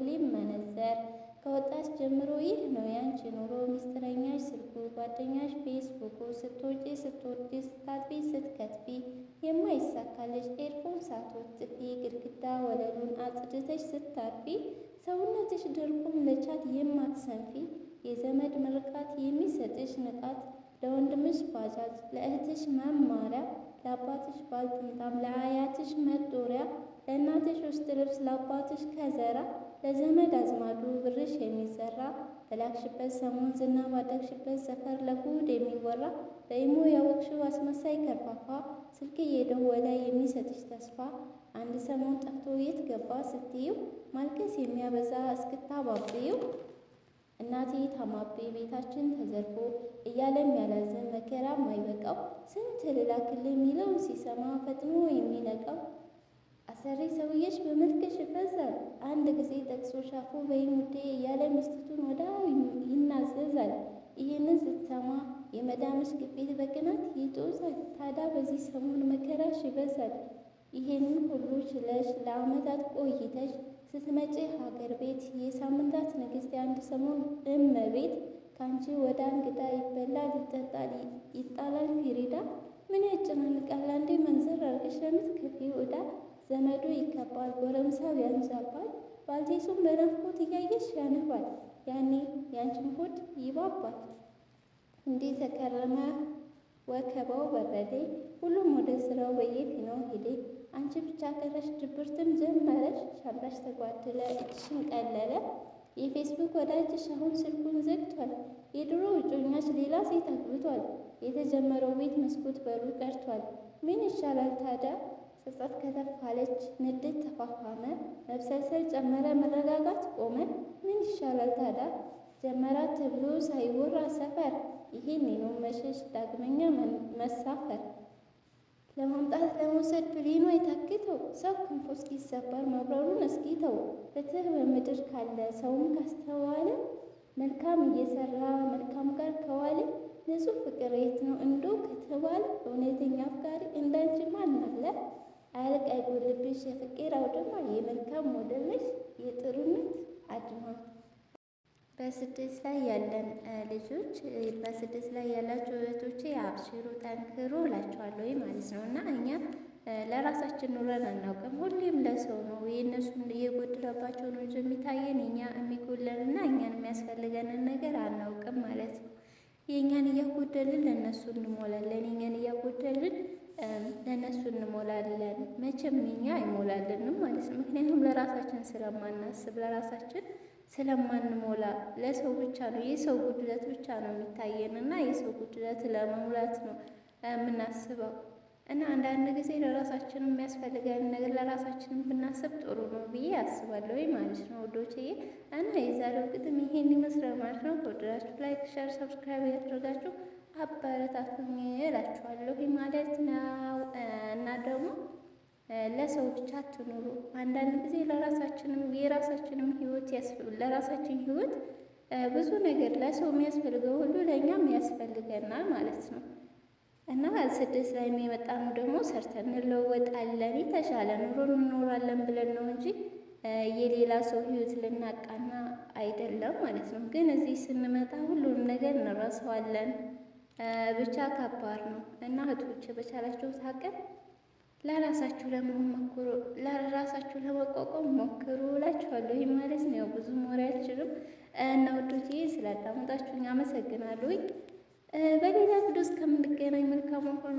ሁሌም መነጽር ከወጣች ጀምሮ ይህ ነው ያንቺ ኑሮ። ሚስጥረኛሽ ስልኩ፣ ጓደኛሽ ፌስቡኩ፣ ስትወጪ ስትወርጂ፣ ስታጥቢ ስትከትፊ፣ የማይሳካልሽ ኤርፎን ሳትወጥፊ፣ ግድግዳ ወለሉን አጽድተሽ ስታርፊ፣ ሰውነትሽ ድርቁም ለቻት የማትሰንፊ፣ የዘመድ ምርቃት የሚሰጥሽ ንቃት፣ ለወንድምሽ ባጃጅ ለእህትሽ መማሪያ ለአባትሽ ባልቴታም ለአያትሽ መጦሪያ ለእናትሽ ውስጥ ልብስ ለአባትሽ ከዘራ ለዘመድ አዝማዱ ብርሽ የሚዘራ በላክሽበት ሰሞን ዝና ባደግሽበት ሰፈር ለጉድ የሚወራ በኢሞ ያወቅሽው አስመሳይ ከርፋፋ ስልክ እየደወለ የሚሰጥሽ ተስፋ አንድ ሰሞን ጠፍቶ የት ገባ ስትይው ማልቀስ የሚያበዛ እስክታባብይው እናቴ ታማቤ ቤታችን ተዘርፎ እያለም ያላዘን መከራ ማይበቃው ስንት ልላክል የሚለው ሲሰማ ፈጥኖ የሚነቃው አሰሪ ሰውዬሽ በመልክሽ ይፈዛል አንድ ጊዜ ጠቅሶ ሻፎ በይም እያለ ሚስቱን ወዳው ይናዘዛል። ይህንን ስትሰማ የመዳምሽ ግፊት በቅናት ይጦዛል። ታዲያ በዚህ ሰሞን መከራሽ ይበዛል። ይህንን ሁሉ ችለሽ ለዓመታት ቆይተሽ ስትመጪ ሀገር ቤት የሳምንት አንድ ሰሞን እመቤት ከአንቺ ወደ እንግዳ ይበላል፣ ይጠጣል፣ ይጣላል ፊሪዳ ምን ያጨናንቃል? አንዴ መንዘር አድርገሽ ለምትከፊው ወዳ ዘመዱ ይከባል፣ ጎረምሳው ያንዛባል፣ ባልቴሱም በናፍቆት እያየሽ ያነባል። ያኔ ያንቺን ሆድ ይባባል። እንዲህ ተከረመ ወከባው በረዴ፣ ሁሉም ወደ ስራው ነው ሄዴ፣ አንቺ ብቻ ቀረሽ ድብርትም ጀመረሽ፣ ሻምጣሽ ተጓደለ፣ እጅሽን ቀለለ። የፌስቡክ ወዳጅሽ አሁን ስልኩን ዘግቷል። የድሮ እጮኛሽ ሌላ ሴት አግብቷል። የተጀመረው ቤት መስኮት በሩ ቀርቷል። ምን ይሻላል ታዲያ? ጸጸት ከተፍ አለች፣ ንዴት ተፋፋመ፣ መብሰልሰል ጨመረ፣ መረጋጋት ቆመ። ምን ይሻላል ታዲያ? ጀመራ ተብሎ ሳይወራ ሰፈር ይሄን ነው መሸሽ፣ ዳግመኛ መሳፈር ለማምጣት ለመውሰድ ብሌኗ ሰው ክንፉ እስኪሰበር መብረሩን እስኪ ተው። ፍትህ በምድር ካለ ሰውም ካስተዋለ መልካም እየሰራ መልካም ጋር ከዋለ ንጹህ ፍቅር የት ነው እንዶ ከተባለ እውነተኛ አፍቃሪ እንዳንቺ ማን አለ? አያልቅ የፍቅር አውድማ የመልካም ሞዴልሽ የጥሩነት አድማ። በስደት ላይ ያለን ልጆች በስደት ላይ ያላችሁ እህቶቼ አብሽሩ፣ ጠንክሩ እላችኋለሁ ማለት ነው እና እኛ ለራሳችን ኑረን አናውቅም። ሁሌም ለሰው ነው የእነሱን እየጎደለባቸው ነው እንጂ የሚታየን እኛ የሚጎለንና እኛን የሚያስፈልገንን ነገር አናውቅም ማለት ነው። የእኛን እያጎደልን ለእነሱ እንሞላለን፣ የእኛን እያጎደልን ለእነሱ እንሞላለን። መቼም እኛ አይሞላልንም ማለት ነው። ምክንያቱም ለራሳችን ስለማናስብ፣ ለራሳችን ስለማንሞላ ለሰው ብቻ ነው የሰው ጉድለት ብቻ ነው የሚታየን እና የሰው ጉድለት ለመሙላት ነው የምናስበው። እና አንዳንድ ጊዜ ለራሳችን የሚያስፈልገን ነገር ለራሳችንም ብናስብ ጥሩ ነው ብዬ አስባለሁ ማለት ነው ወዶችዬ። እና የዛሬው ግጥም ይሄን ይመስላል ማለት ነው። ከወደዳችሁ ላይክ፣ ሸር፣ ሰብስክራይብ ያደረጋችሁ አበረታቱኝ እላችኋለሁ ማለት ነው እና ደግሞ ለሰው ብቻ አትኑሩ። አንዳንድ ጊዜ ለራሳችንም የራሳችንም ህይወት ለራሳችን ህይወት ብዙ ነገር ለሰው የሚያስፈልገው ሁሉ ለእኛም ያስፈልገናል ማለት ነው። እና ስድስት ላይ የመጣ ነው ደግሞ ሰርተን እንለወጣለን፣ የተሻለ ኑሮ እንኖራለን ብለን ነው እንጂ የሌላ ሰው ህይወት ልናቃና አይደለም ማለት ነው። ግን እዚህ ስንመጣ ሁሉንም ነገር እንረሳዋለን። ብቻ ከባድ ነው እና እህቶች በቻላችሁ ታቀን ለራሳችሁ ለመሆን ሞክሩ፣ ለራሳችሁ ለመቋቋም ሞክሩ እላችኋለሁ። ይህ ማለት ነው። ብዙ ወሬ አልችልም እና ውዶቼ ስላዳመጣችሁኝ አመሰግናለሁ። በሌላ ቪዲዮ እስከምንገናኝ መልካሙን ሁሉ